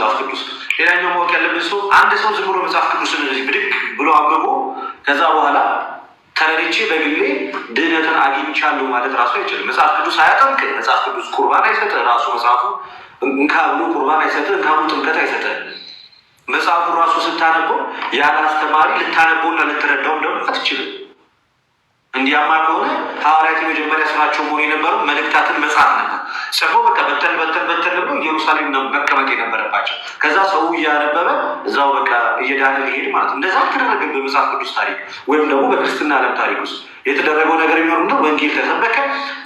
መጽሐፍ ቅዱስ። ሌላኛው ማወቅ ያለብን ሰው አንድ ሰው ዝም ብሎ መጽሐፍ ቅዱስን እዚህ ብድግ ብሎ አንብቦ ከዛ በኋላ ተረድቼ በግሌ ድህነትን አግኝቻለሁ ማለት ራሱ አይችልም። መጽሐፍ ቅዱስ አያጠምቅ፣ መጽሐፍ ቅዱስ ቁርባን አይሰጥ፣ ራሱ መጽሐፉ እንካ ብሎ ቁርባን አይሰጥ፣ እንካ ብሎ ጥምቀት አይሰጥ። መጽሐፉ ራሱ ስታነበው ያለ አስተማሪ ልታነበውና ልትረዳውም ደግሞ አትችልም። እንዲያማ ከሆነ ሐዋርያት የመጀመሪያ ስራቸው መሆን የነበሩ መልእክታትን መጽሐፍ ነበር። ጽፎ በቃ በተን በተን በተን ብሎ ኢየሩሳሌም መቀመጥ የነበረባቸው ከዛ ሰው እያነበበ እዛው በቃ እየዳነ ሊሄድ ማለት እንደዛ ተደረገ በመጽሐፍ ቅዱስ ታሪክ ወይም ደግሞ በክርስትና ዓለም ታሪክ ውስጥ የተደረገው ነገር ቢኖር ነው። ወንጌል ተሰበከ፣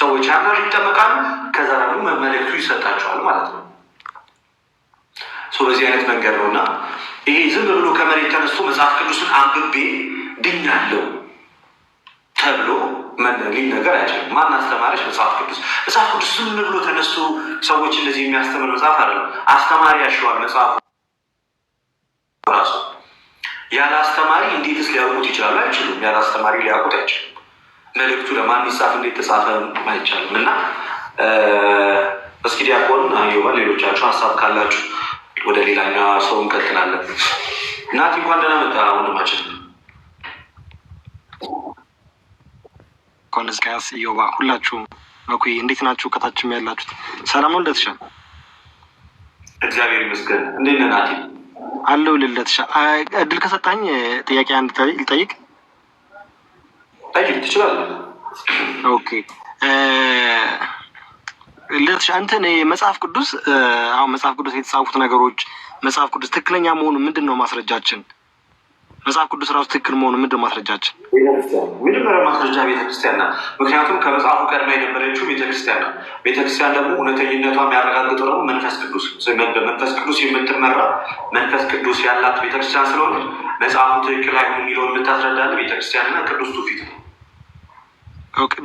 ሰዎች ያና ይጠመቃሉ፣ ከዛ ደግሞ መልእክቱ ይሰጣቸዋል ማለት ነው። በዚህ አይነት መንገድ ነው እና ይሄ ዝም ብሎ ከመሬት ተነስቶ መጽሐፍ ቅዱስን አንብቤ ድኛለሁ ተብሎ ሊነገር አይችልም። ማን አስተማሪች መጽሐፍ ቅዱስ። መጽሐፍ ቅዱስ ዝም ብሎ ተነሱ ሰዎች እንደዚህ የሚያስተምር መጽሐፍ አይደለም። አስተማሪ ያሸዋል መጽሐፉ ራሱ። ያለ አስተማሪ እንዴትስ ሊያውቁት ይችላሉ? አይችሉም። ያለ አስተማሪ ሊያውቁት አይችሉም። መልእክቱ ለማን ይጻፍ እንዴት ተጻፈ አይቻልም። እና እስኪ ዲያቆን አዮባ ሌሎቻችሁ ሀሳብ ካላችሁ ወደ ሌላኛ ሰው እንቀጥላለን። እናት እንኳን ደህና መጣ ወንድማችን ኮን ዝጋያስ እዮባ ሁላችሁ መኩይ እንዴት ናችሁ? ከታችም ያላችሁት ሰላም ነው። ለትሻ እግዚአብሔር ይመስገን። እንዴት ነህ ናቲ? አለው ልለትሻ እድል ከሰጣኝ ጥያቄ አንድ ልጠይቅ። ጠይቅ ትችላለህ። ኦኬ ልለትሻ እንትን መጽሐፍ ቅዱስ አሁን መጽሐፍ ቅዱስ የተጻፉት ነገሮች መጽሐፍ ቅዱስ ትክክለኛ መሆኑ ምንድን ነው ማስረጃችን? መጽሐፍ ቅዱስ ራሱ ትክክል መሆኑ ምንድን ማስረጃችን? መጀመሪያ ማስረጃ ቤተክርስቲያን ናት። ምክንያቱም ከመጽሐፉ ቀድማ የነበረችው ቤተክርስቲያን ናት። ቤተክርስቲያን ደግሞ እውነተኝነቷ የሚያረጋግጠው ደግሞ መንፈስ ቅዱስ መንፈስ ቅዱስ የምትመራ መንፈስ ቅዱስ ያላት ቤተክርስቲያን ስለሆነ መጽሐፉ ትክክል አይሆን የሚለውን የምታስረዳለ ቤተክርስቲያንና ቅዱስ ትውፊት ነው።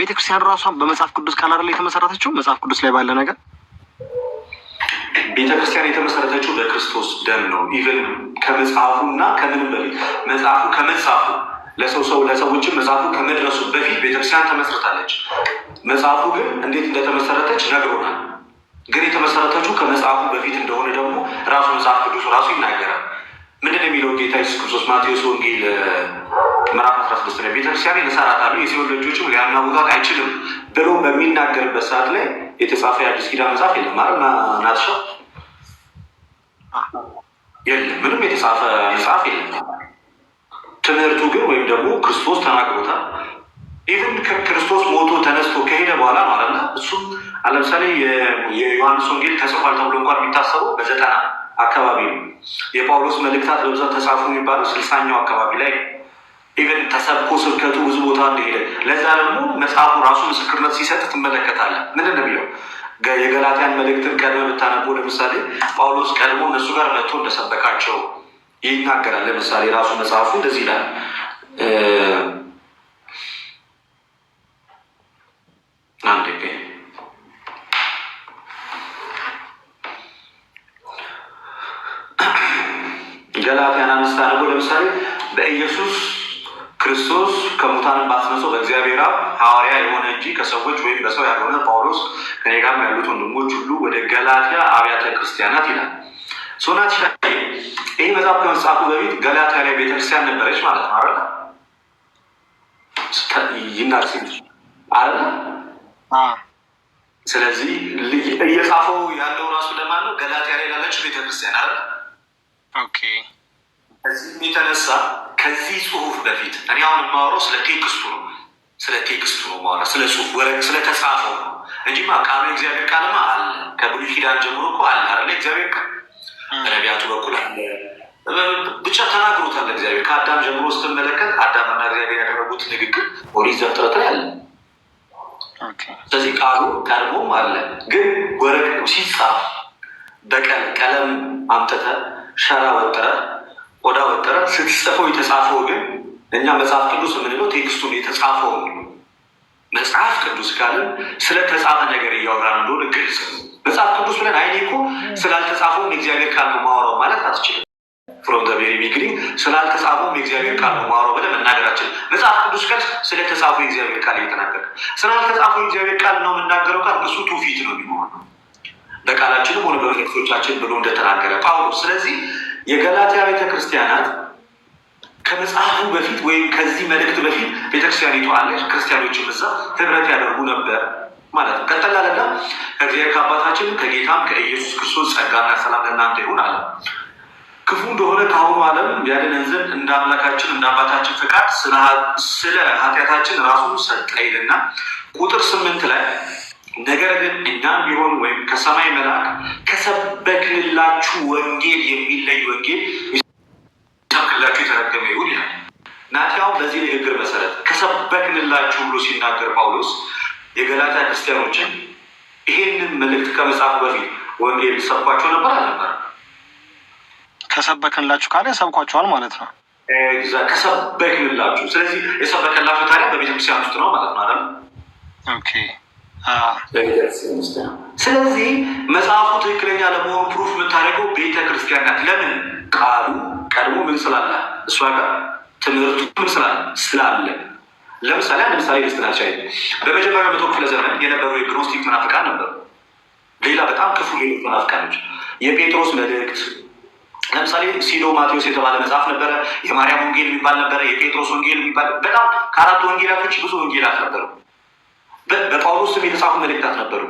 ቤተክርስቲያን ራሷን በመጽሐፍ ቅዱስ ቃል አይደል የተመሰረተችው መጽሐፍ ቅዱስ ላይ ባለ ነገር ቤተ ክርስቲያን የተመሰረተችው በክርስቶስ ደም ነው። ኢቨን ከመጽሐፉ እና ከምንም በፊት መጽሐፉ ከመጽሐፉ ለሰው ሰው ለሰዎችም መጽሐፉ ከመድረሱ በፊት ቤተክርስቲያን ተመስርታለች። መጽሐፉ ግን እንዴት እንደተመሰረተች ነግሮናል። ግን የተመሰረተችው ከመጽሐፉ በፊት እንደሆነ ደግሞ ራሱ መጽሐፍ ቅዱሱ ራሱ ይናገራል። ምንድን የሚለው ጌታ ኢየሱስ ክርስቶስ ማቴዎስ ወንጌል ምዕራፍ አስራ ስድስት ላይ ቤተክርስቲያን እሰራታለሁ የሲኦል ደጆችም ሊያናውጣት አይችልም ብሎ በሚናገርበት ሰዓት ላይ የተጻፈ የአዲስ ኪዳን መጽሐፍ የለም። ናትሻ የለም ምንም የተጻፈ መጽሐፍ የለም። ትምህርቱ ግን ወይም ደግሞ ክርስቶስ ተናግሮታል። ኢቭን ከክርስቶስ ሞቶ ተነስቶ ከሄደ በኋላ ማለት ነው። እሱም ለምሳሌ የዮሐንስ ወንጌል ተጽፏል ተብሎ እንኳን የሚታሰበው በዘጠና አካባቢ ነው። የጳውሎስ መልእክታት በብዛት ተጻፉ የሚባለው ስልሳኛው አካባቢ ላይ ኢቨን ተሰብኮ ስብከቱ ብዙ ቦታ እንደሄደ፣ ለዛ ደግሞ መጽሐፉ ራሱ ምስክርነት ሲሰጥ ትመለከታለን። ምንድን ነው የሚለው የገላትያን መልእክትን ቀድመ ብታነቡ ለምሳሌ ጳውሎስ ቀድሞ እነሱ ጋር መጥቶ እንደሰበካቸው ይናገራል። ለምሳሌ ራሱ መጽሐፉ እንደዚህ ይላል። አንድ ገላትያን አምስት አንብቦ ለምሳሌ በኢየሱስ ክርስቶስ ከሙታን ባስነሶ በእግዚአብሔር አብ ሐዋርያ የሆነ እንጂ ከሰዎች ወይም በሰው ያልሆነ ጳውሎስ ከኔ ያሉት ወንድሞች ሁሉ ወደ ገላትያ አብያተ ክርስቲያናት ይላል። ሶናት ሻ ይህ መጽሐፍ ከመጻፉ በፊት ገላትያ ላይ ቤተክርስቲያን ነበረች ማለት ነው። አረላ ይናሲ አረላ ስለዚህ እየጻፈው ያለው ራሱ ለማን ነው? ገላትያ ላይ ላለች ቤተክርስቲያን አረላ ከዚህም የተነሳ ከዚህ ጽሁፍ በፊት እኔ አሁን የማወራው ስለ ቴክስቱ ነው፣ ስለ ቴክስቱ ነው የማወራው፣ ስለ ጽሁፍ ወረቅ ስለተጻፈው ነው እንጂ ቃሉ እግዚአብሔር ቃልማ አለ። ከብሉይ ኪዳን ጀምሮ እኮ አለ አለ እግዚአብሔር ቃል በነቢያቱ በኩል አለ። ብቻ ተናግሮታል እግዚአብሔር ከአዳም ጀምሮ ስትመለከት አዳምና እግዚአብሔር ያደረጉት ንግግር ኦሪት ዘፍጥረት ላይ አለ። ስለዚህ ቃሉ ቀድሞም አለ። ግን ወረቅ ሲጻፍ በቀን ቀለም አምጥተህ ሸራ ወጥረህ ቆዳ ወጠረ ስትጽፈው የተጻፈው ግን እኛ መጽሐፍ ቅዱስ የምንለው ቴክስቱን የተጻፈው መጽሐፍ ቅዱስ ካለን ስለተጻፈ ነገር እያወራን እንደሆነ ግልጽ ነው። መጽሐፍ ቅዱስ ብለን አይኔ እኮ ስላልተጻፈውም እግዚአብሔር ቃል ነው ማወራው ማለት አትችልም። ፍሮም ዘቤሪ ቢግሪ ስላልተጻፈውም የእግዚአብሔር ቃል ነው ማወራው ብለን መናገራችን መጽሐፍ ቅዱስ ቀን ስለተጻፈው የእግዚአብሔር ካል እየተናገረ ስላልተጻፈው የእግዚአብሔር ቃል ነው የምናገረው ካል እሱ ቱፊት ነው የሚሆነው በቃላችንም ሆነ በመልእክቶቻችን ብሎ እንደተናገረ ጳውሎስ ስለዚህ የገላትያ ቤተ ክርስቲያናት ከመጽሐፉ በፊት ወይም ከዚህ መልእክት በፊት ቤተክርስቲያኒቱ አለች፣ ክርስቲያኖችም እዛ ህብረት ያደርጉ ነበር ማለት ነው። ቀጠላለና አለና ከእግዚአብሔር ከአባታችን ከጌታም ከኢየሱስ ክርስቶስ ጸጋና ሰላም ለእናንተ ይሁን አለ። ክፉ እንደሆነ ከአሁኑ ዓለም ያድነን ዘንድ እንደ አምላካችን እንደ አባታችን ፍቃድ ስለ ኃጢአታችን ራሱ ሰጠ ይልና ቁጥር ስምንት ላይ ነገር ግን እኛም ቢሆን ወይም ከሰማይ መልአክ ከግላችሁ ወንጌል የሚለይ ወንጌል ሰብክላችሁ የተረገመ ይሁን ይላል። ናቲያውም በዚህ ንግግር መሰረት ከሰበክንላችሁ ብሎ ሲናገር ጳውሎስ የገላታ ክርስቲያኖችን ይሄንን መልእክት ከመጻፉ በፊት ወንጌል ሰብኳቸው ነበር አልነበረም? ከሰበክንላችሁ ካለ ሰብኳቸዋል ማለት ነው። ከሰበክንላችሁ፣ ስለዚህ የሰበከላችሁ ታዲያ በቤተክርስቲያን ውስጥ ነው ማለት ነው አይደል? ኦኬ ስለዚህ መጽሐፉ ትክክለኛ ለመሆኑ ፕሩፍ የምታደርገው ቤተ ክርስቲያን ናት። ለምን ቃሉ ቀድሞ ምን ስላለ እሷ ጋር ትምህርቱ ምን ስላለ ስላለ ለምሳሌ አንድ ምሳሌ ልስጥናቻ በመጀመሪያ መቶ ክፍለ ዘመን የነበሩ የግኖስቲክ መናፍቃን ነበሩ። ሌላ በጣም ክፉ ሌሎች መናፍቃኖች የጴጥሮስ መልእክት ለምሳሌ ሲዶ ማቴዎስ የተባለ መጽሐፍ ነበረ። የማርያም ወንጌል የሚባል ነበረ። የጴጥሮስ ወንጌል የሚባል በጣም ከአራቱ ወንጌላቶች ብዙ ወንጌላት ነበሩ። በጳውሎስ ስም የተጻፉ መልእክታት ነበሩ።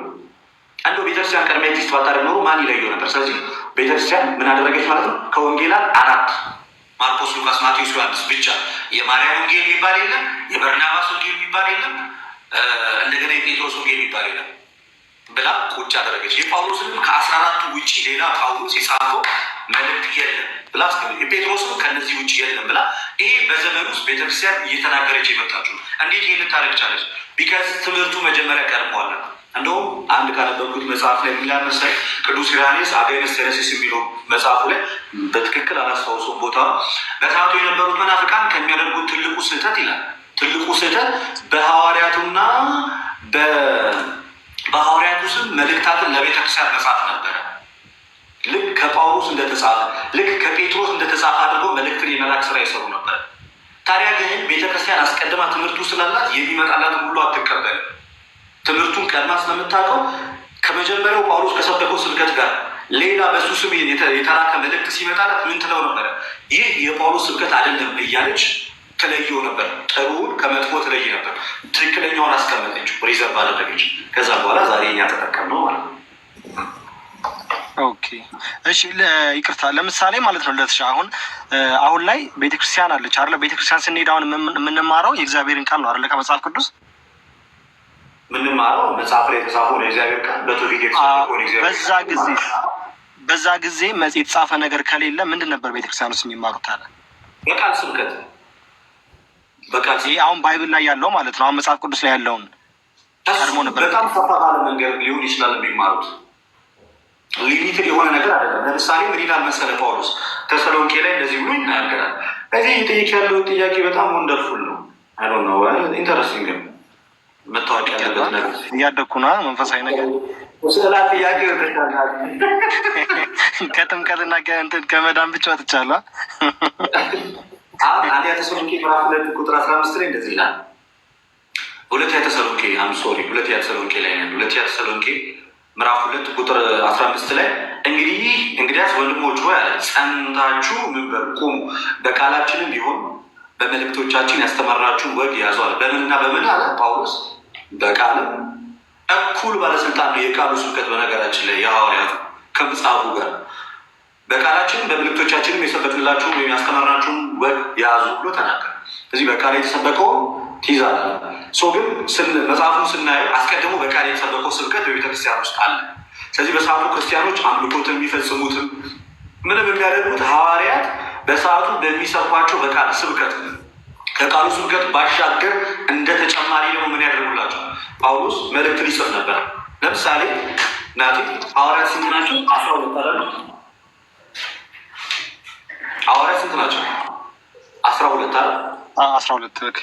አንዱ ቤተክርስቲያን ቀድሜ ኤግዚስት ባታደርግ ኖሮ ማን ይለየው ነበር? ስለዚህ ቤተክርስቲያን ምን አደረገች ማለት ነው? ከወንጌላት አራት ማርቆስ፣ ሉቃስ፣ ማቴዎስ፣ ዮሐንስ ብቻ የማርያም ወንጌል የሚባል የለም፣ የበርናባስ ወንጌል የሚባል የለም፣ እንደገና የጴጥሮስ ወንጌል የሚባል የለም ብላ ቁጭ አደረገች። የጳውሎስንም ከአስራ አራቱ ውጭ ሌላ ጳውሎስ የጻፈው መልእክት የለም ብላ የጴጥሮስም ከነዚህ ውጭ የለም ብላ ይሄ በዘመን ውስጥ ቤተክርስቲያን እየተናገረች የመጣችሁ እንዴት ይህን ልታደረግ ቻለች? ትምህርቱ መጀመሪያ ቀድመዋለን እንደውም አንድ ካነበብኩት መጽሐፍ ላይ ሚላን መሳይ ቅዱስ ኢራኔስ አጋይነስ ቴነሲስ የሚለው መጽሐፉ ላይ በትክክል አላስታውሰውም ቦታ በሰዓቱ የነበሩት መናፍቃን ከሚያደርጉት ትልቁ ስህተት ይላል። ትልቁ ስህተት በሐዋርያቱና በሐዋርያቱ ስም መልእክታትን ለቤተክርስቲያን መጽሐፍ ነበረ። ልክ ከጳውሎስ እንደተጻፈ ልክ ከጴጥሮስ እንደተጻፈ አድርጎ መልእክትን የመላክ ስራ ይሰሩ ነበር። ታዲያ ግን ቤተክርስቲያን አስቀድማ ትምህርቱ ስላላት የሚመጣላትን ሁሉ አትቀበልም። ትምህርቱን ቀድማ ስለምታውቀው ከመጀመሪያው ጳውሎስ ከሰበከው ስብከት ጋር ሌላ በሱ ስም የተላከ መልእክት ሲመጣላት ምን ትለው ነበረ? ይህ የጳውሎስ ስብከት አይደለም እያለች ተለየው ነበር። ጥሩውን ከመጥፎ ተለየ ነበር። ትክክለኛውን አስቀመጠችው፣ ሪዘርቭ አደረገች። ከዛ በኋላ ዛሬ እኛ ተጠቀም ነው ማለት ነው። ኦኬ እሺ፣ ይቅርታ ለምሳሌ ማለት ነው ለትሻ አሁን አሁን ላይ ቤተክርስቲያን አለች አለ። ቤተክርስቲያን ስንሄድ አሁን የምንማረው የእግዚአብሔርን ቃል ነው አለ ከመጽሐፍ ቅዱስ የምንማረው መጽሐፍ ላይ የተጻፈ ነው። እግዚአብሔር ቃል በትውፊት የተጻፈ በዛ ጊዜ በዛ ጊዜ የተጻፈ ነገር ከሌለ ምንድን ነበር ቤተክርስቲያን ውስጥ የሚማሩት አለ። በቃል ስብከት በቃል ይሄ አሁን ባይብል ላይ ያለው ማለት ነው። አሁን መጽሐፍ ቅዱስ ላይ ያለውን ቀድሞ ነበር። በጣም ሰፋ ባለ መንገድ ሊሆን ይችላል የሚማሩት ሊሚትድ የሆነ ነገር አይደለም። ለምሳሌ ምን ይላል መሰለ ጳውሎስ ተሰሎንቄ ላይ እንደዚህ ብሎ ይናገራል። እዚህ ጠይቅ ያለው ጥያቄ በጣም ወንደርፉል ነው። አይ ነው። ኢንተረስቲንግ ነው መታወቅ ያለበት ነገር እያደግኩ መንፈሳዊ ነገር ከጥምቀትና ከእንትን ከመዳን ብቻ ትቻለ አንደኛ ተሰሎንቄ ምዕራፍ ሁለት ቁጥር አስራ አምስት ላይ እንደዚህ ይላል። ሁለተኛ ተሰሎንቄ አም ሶሪ ሁለተኛ ተሰሎንቄ ላይ ነው። ሁለተኛ ተሰሎንቄ ምዕራፍ ሁለት ቁጥር አስራ አምስት ላይ እንግዲህ እንግዲያስ ወንድሞች ሆይ ጸንታችሁ ምን ቁሙ በቃላችንም ቢሆን በመልእክቶቻችን ያስተመራችሁን ወግ ያዘዋል። በምንና በምን አለ ጳውሎስ? በቃልም እኩል ባለስልጣን ነው የቃሉ ስብከት። በነገራችን ላይ የሐዋርያቱ ከመጽሐፉ ጋር በቃላችንም በምልክቶቻችንም የሰበክንላችሁን ወይም ያስተማራችሁን ወግ የያዙ ብሎ ተናገር። እዚህ በቃል የተሰበከውን ትይዛለህ። ሶ ግን መጽሐፉን ስናየው አስቀድሞ በቃል የተሰበከው ስብከት በቤተክርስቲያን ውስጥ አለ። ስለዚህ በሰዓቱ ክርስቲያኖች አምልኮትን የሚፈጽሙትም ምንም የሚያደርጉት ሐዋርያት በሰዓቱ በሚሰብኳቸው በቃል ስብከት ከቃሉ ስብከት ባሻገር እንደ ተጨማሪ ደግሞ ምን ያደርጉላቸው ጳውሎስ መልእክትን ይጽፍ ነበር። ለምሳሌ ናቴ ሐዋርያት ስንት ናቸው? አስራ ሁለት አላሉ። ሐዋርያት ስንት ናቸው? አስራ ሁለት አለ። አስራ ሁለት ልክ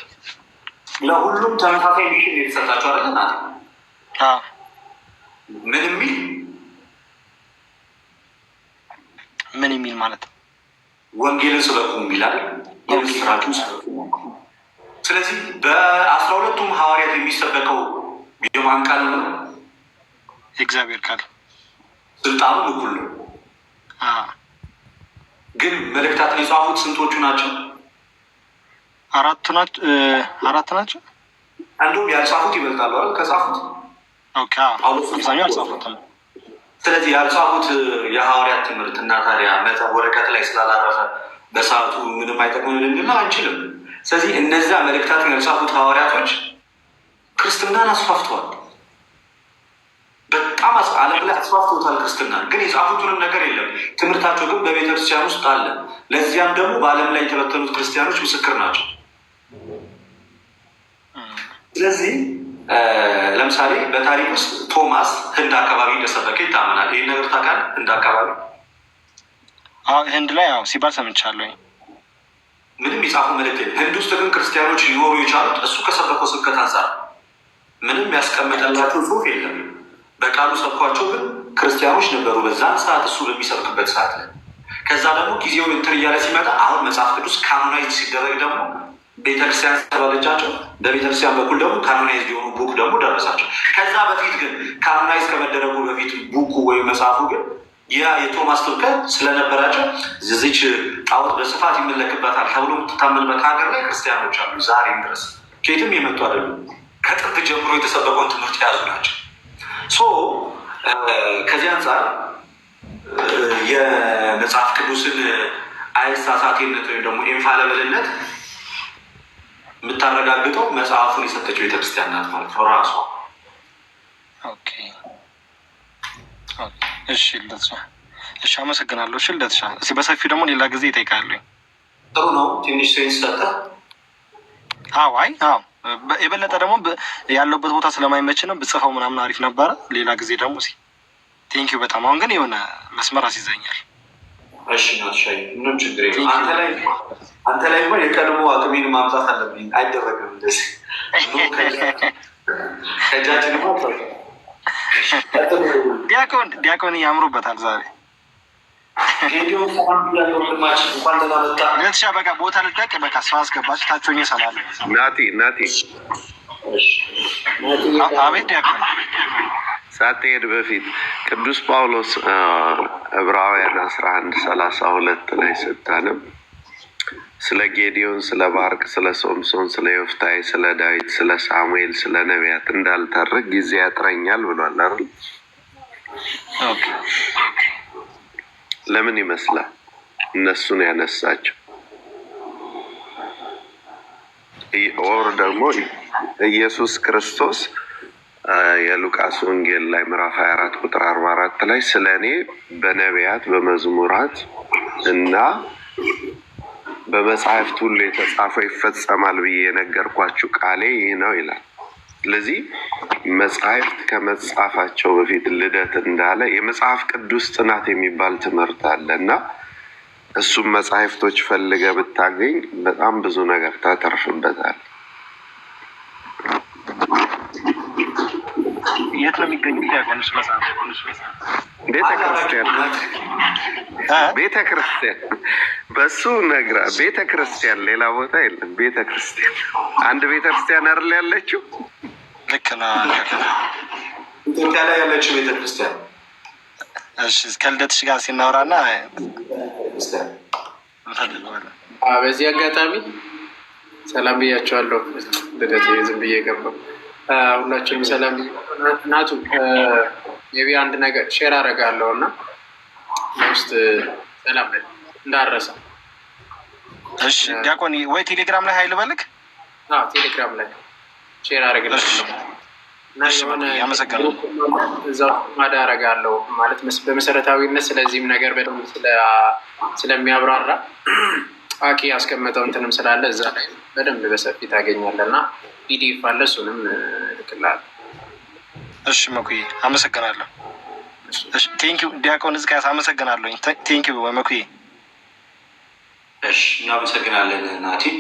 ለሁሉም ተመሳሳይ ሚሽን የተሰጣቸው አለ። ናት ምን የሚል ምን የሚል ማለት ወንጌልን ስበኩ ይላል። የምስራቹን ስበኩ። ስለዚህ በአስራ ሁለቱም ሐዋርያት የሚሰበከው የማን ቃል ነው? የእግዚአብሔር ቃል። ስልጣኑ እኩል ነው። ግን መልእክታትን የጻፉት ስንቶቹ ናቸው? አራቱ ናቸው። አራት ናቸው። አንዱም ያልጻፉት ይበልጣሉ አይደል? ከጻፉት ጳውሎስ አብዛኛው አልጻፉትም። ስለዚህ ያልጻፉት የሐዋርያት ትምህርት እና ታዲያ መጽሐፍ ወረቀት ላይ ስላላረፈ በሰዓቱ ምንም አይጠቅሙ ልንል አንችልም። ስለዚህ እነዚያ መልእክታትን ያልጻፉት ሐዋርያቶች ክርስትናን አስፋፍተዋል። በጣም ዓለም ላይ አስፋፍተውታል። ክርስትና ግን የጻፉትንም ነገር የለም። ትምህርታቸው ግን በቤተክርስቲያን ውስጥ አለ። ለዚያም ደግሞ በዓለም ላይ የተበተኑት ክርስቲያኖች ምስክር ናቸው። ስለዚህ ለምሳሌ በታሪክ ውስጥ ቶማስ ህንድ አካባቢ እንደሰበከ ይታመናል። ይህ ነገር ታውቃለህ? ህንድ አካባቢ ህንድ ላይ ያው ሲባል ሰምቻለሁኝ። ምንም የጻፈው መልእክት የለም። ህንድ ውስጥ ግን ክርስቲያኖች ሊኖሩ የቻሉት እሱ ከሰበከው ስብከት አንጻር ምንም ያስቀመጠላቸው ጽሁፍ የለም። በቃሉ ሰብኳቸው ግን ክርስቲያኖች ነበሩ በዛን ሰዓት እሱ በሚሰብክበት ሰዓት ላይ። ከዛ ደግሞ ጊዜው እንትን እያለ ሲመጣ አሁን መጽሐፍ ቅዱስ ካኖናይዝ ሲደረግ ደግሞ ቤተክርስቲያን ተባለቻቸው። በቤተክርስቲያን በኩል ደግሞ ካኖናይዝ የሆኑ ቡክ ደግሞ ደረሳቸው። ከዛ በፊት ግን ካኖናይዝ ከመደረጉ በፊት ቡኩ ወይም መጽሐፉ ግን ያ የቶማስ ጥምቀት ስለነበራቸው ዚች ጣዖት በስፋት ይመለክበታል ተብሎ የምትታመንበት ሀገር ላይ ክርስቲያኖች አሉ። ዛሬም ድረስ ከየትም የመጡ አይደሉም። ከጥንት ጀምሮ የተሰበከውን ትምህርት የያዙ ናቸው። ሶ ከዚህ አንጻር የመጽሐፍ ቅዱስን አይሳሳቴነት ወይም ደግሞ ኢንፋለብልነት የምታረጋግጠው መጽሐፉን የሰጠችው ቤተክርስቲያን ናት ማለት ነው ራሷ። እሺ ልደትሻ፣ እሺ አመሰግናለሁ። እሺ ልደትሻ፣ እስኪ በሰፊው ደግሞ ሌላ ጊዜ ይጠይቃለኝ። ጥሩ ነው። ትንሽ ሴንስ ሰጠ። አዎ፣ አይ፣ አዎ የበለጠ ደግሞ ያለበት ቦታ ስለማይመች ነው ብጽፈው ምናምን አሪፍ ነበረ። ሌላ ጊዜ ደግሞ ቴንኪዩ በጣም አሁን ግን የሆነ መስመር አስይዘኛል። እሽናትሻይ ምንም ችግር የለም። አንተ ላይ ሆን የቀድሞ አቅሜን ማምጣት አለብኝ። አይደረግም እንደዚህ ከእጃችን ዲያቆን ዲያቆን ያምሩበታል ዛሬ ለተሻ በቃ ቦታ ልጠቅ በቃ ስፋ አስገባች ታቸውኝ ሰላለ ናቲ ናቲ አቤት ዲያቆን ሳትሄድ በፊት ቅዱስ ጳውሎስ ዕብራውያን አስራ አንድ ሰላሳ ሁለት ላይ ስታንም ስለ ጌዲዮን፣ ስለ ባርቅ፣ ስለ ሶምሶን፣ ስለ ዮፍታይ፣ ስለ ዳዊት፣ ስለ ሳሙኤል፣ ስለ ነቢያት እንዳልታርቅ ጊዜ ያጥረኛል ብሏል አይደል? ለምን ይመስላል እነሱን ያነሳቸው? ኦር ደግሞ ኢየሱስ ክርስቶስ የሉቃስ ወንጌል ላይ ምዕራፍ 24 ቁጥር 44 ላይ ስለ እኔ በነቢያት በመዝሙራት እና በመጽሐፍት ሁሉ የተጻፈው ይፈጸማል ብዬ የነገርኳችሁ ቃሌ ይህ ነው ይላል። ስለዚህ መጽሐፍት ከመጻፋቸው በፊት ልደት እንዳለ የመጽሐፍ ቅዱስ ጥናት የሚባል ትምህርት አለ እና እሱም መጽሐፍቶች ፈልገ ብታገኝ በጣም ብዙ ነገር ታተርፍበታል። የት ነው የሚገኙት? ቤተ ክርስቲያን ቤተ ክርስቲያን በሱ ነግራ ቤተ ክርስቲያን ሌላ ቦታ የለም። ቤተ ክርስቲያን አንድ ቤተ ክርስቲያን አይደል ያለችው? ልክ ነው። ኢትዮጵያ ላይ ያለችው ቤተ ክርስቲያን ከልደትሽ ጋር ሲናወራና በዚህ አጋጣሚ ሰላም ብያቸዋለሁ። ልደት ዝም ብዬ ገባሁ። ሁላችንም ሰላም ናቱ። የቢ አንድ ነገር ሼር አደርጋለሁ እና ውስጥ ሰላም እንዳረሰ እሺ፣ ዲያቆን ወይ ቴሌግራም ላይ ሀይል በልክ ቴሌግራም ላይ ሼር አደርግልሻለሁ እና የሆነ እዛ ማዳ አደርጋለሁ ማለት በመሰረታዊነት ስለዚህም ነገር በደንብ ስለሚያብራራ ፋቂ ያስቀመጠው እንትንም ስላለ እዛ ላይ በደንብ በሰፊ ታገኛለ እና ፒዲኤፍ አለ እሱንም ልክላል። እሺ መኩዬ አመሰግናለሁ። ቴንኪው ዲያቆን ሕዝቅያስ አመሰግናለሁኝ። ቴንኪው መኩዬ። እሺ እናመሰግናለን ናቲ።